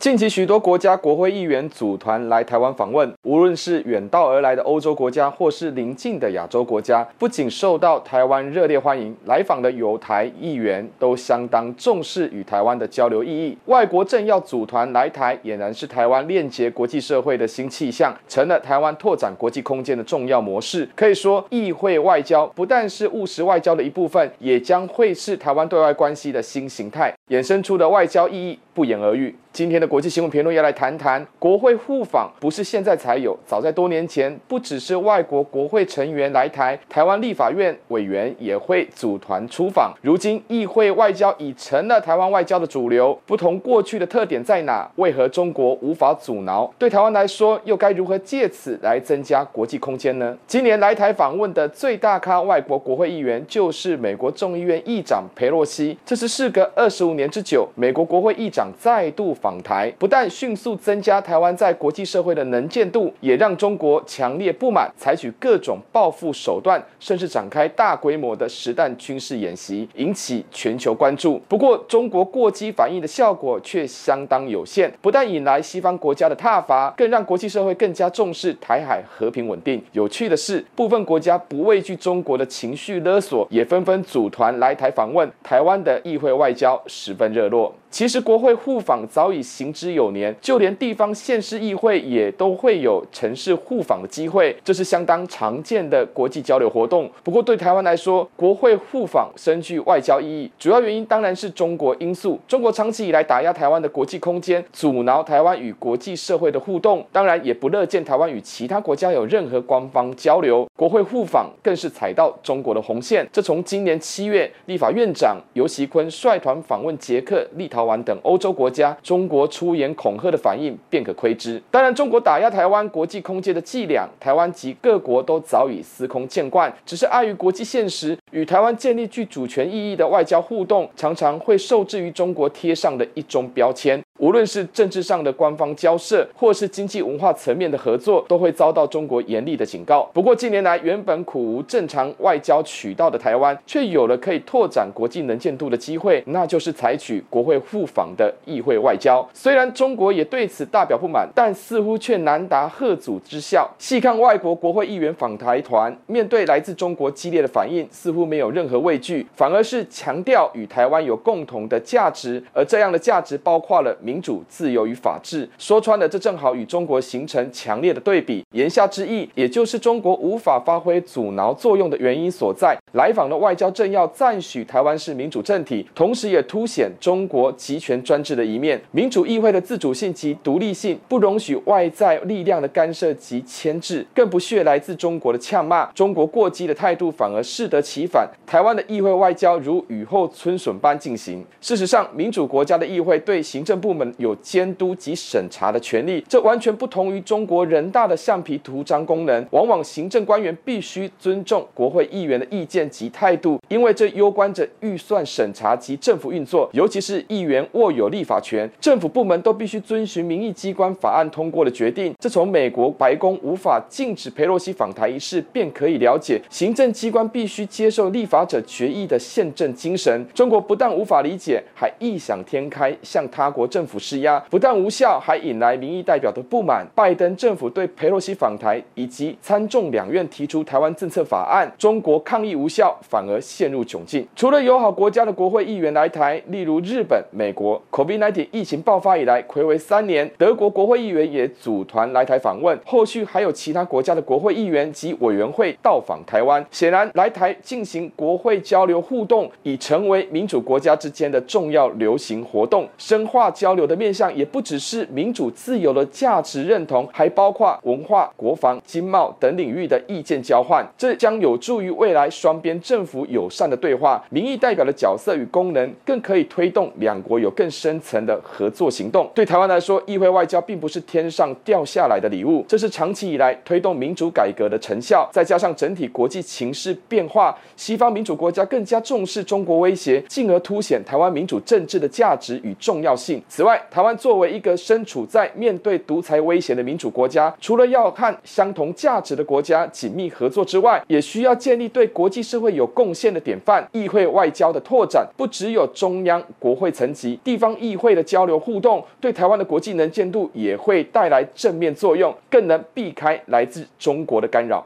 近期許多國家國會議員組團來台灣訪問，無論是遠道而來的歐洲國家，或是鄰近的亞洲國家，不僅受到台灣熱烈歡迎，來訪的友台議員都相當重視與台灣的交流意義。外國政要組團來台，儼然是台灣鏈接國際社會的新氣象，成了台灣拓展國際空間的重要模式。可以說，議會外交不但是務實外交的一部分，也將會是台灣對外關係的新形態，衍生出的外交意義，不言而喻，今天的國際新聞評論要來談談國會互訪，不是現在才有，早在多年前，不只是外國國會成員來台，台灣立法院委員也會組團出訪。如今，議會外交已成了台灣外交的主流。不同過去的特點在哪？為何中國無法阻撓？對台灣來說，又該如何借此來增加國際空間呢？今年來台訪問的最大咖外國國會議員就是美國眾議院議長裴洛西，這是事隔二十五年之久，美國國會議長。再度訪台，不但迅速增加台灣在國際社會的能見度，也讓中國強烈不滿，採取各種報復手段，甚至展開大規模的實彈軍事演習，引起全球關注。不過，中國過激反應的效果卻相當有限，不但引來西方國家的撻伐，更讓國際社會更加重視台海和平穩定。有趣的是，部分國家不畏懼中國的情緒勒索，也紛紛組團來台訪問，台灣的議會外交十分熱絡。其實，國會。互訪早已行之有年，就連地方縣市議會也都會有城市互訪的機會，這是相當常見的國際交流活動。不過對台灣來說，國會互訪深具外交意義，主要原因當然是中國因素。中國長期以來打壓台灣的國際空間，阻撓台灣與國際社會的互動，當然也不樂見台灣與其他國家有任何官方交流。國會互訪更是踩到中國的紅線。這從今年七月，立法院長游錫堃率團訪問捷克、立陶宛等歐。洲國家，中國出言恐嚇的反應便可窺知。當然，中國打壓台灣國際空間的伎倆，台灣及各國都早已司空見慣，只是礙於國際現實。與台灣建立具主權意義的外交互動，常常會受制於中國貼上的一中標籤。無論是政治上的官方交涉，或是經濟文化層面的合作，都會遭到中國嚴厲的警告。不過近年來，原本苦無正常外交渠道的台灣，卻有了可以拓展國際能見度的機會，那就是採取國會互訪的議會外交。雖然中國也對此大表不滿，但似乎卻難達嚇阻之效。細看外國國會議員訪台團，面對來自中國激烈的反應，似乎。沒有任何畏懼，反而是強調與台灣有共同的價值，而這樣的價值包括了民主、自由與法治。說穿了，這正好與中國形成強烈的對比。言下之意，也就是中國無法發揮阻撓作用的原因所在。來訪的外交政要讚許台灣是民主政體，同時也凸顯中國集權專制的一面。民主議會的自主性及獨立性，不容許外在力量的干涉及牽制，更不屑來自中國的嗆罵。中國過激的態度反而適得其反。反台灣的議會外交如雨後春筍般進行。事實上，民主國家的議會對行政部門有監督及審查的權利，這完全不同於中國人大的橡皮圖章功能。往往行政官員必須尊重國會議員的意見及態度，因為這攸關着預算審查及政府運作。尤其是議員握有立法權，政府部門都必須遵循民意機關法案通過的決定。這從美國白宮無法禁止裴洛西訪台一事便可以了解，行政機關必須接受，立法者決議的憲政精神，中國不但無法理解，還異想天開向他國政府施壓，不但無效，還引來民意代表的不滿。拜登政府對裴洛西訪台以及參眾兩院提出台灣政策法案，中國抗議無效，反而陷入窘境。除了友好國家的國會議員來台，例如日本、美國，COVID-19 疫情爆發以來暌違三年，德國國會議員也組團來台訪問，後續還有其他國家的國會議員及委員會到訪台灣。顯然來台進。行國會交流互動已成為民主國家之間的重要流行活動。深化交流的面向也不只是民主自由的價值認同，還包括文化、國防、經貿等領域的意見交換。這將有助於未來雙邊政府友善的對話。民意代表的角色與功能，更可以推動兩國有更深層的合作行動。對台灣來說，議會外交並不是天上掉下來的禮物，這是長期以來推動民主改革的成效，再加上整體國際情勢變化。西方民主國家更加重視中國威脅，進而凸顯台灣民主政治的價值與重要性。此外，台灣作為一個身處在面對獨裁威脅的民主國家，除了要和相同價值的國家緊密合作之外，也需要建立對國際社會有貢獻的典範。議會外交的拓展，不只有中央國會層級，地方議會的交流互動，對台灣的國際能見度也會帶來正面作用，更能避開來自中國的干擾。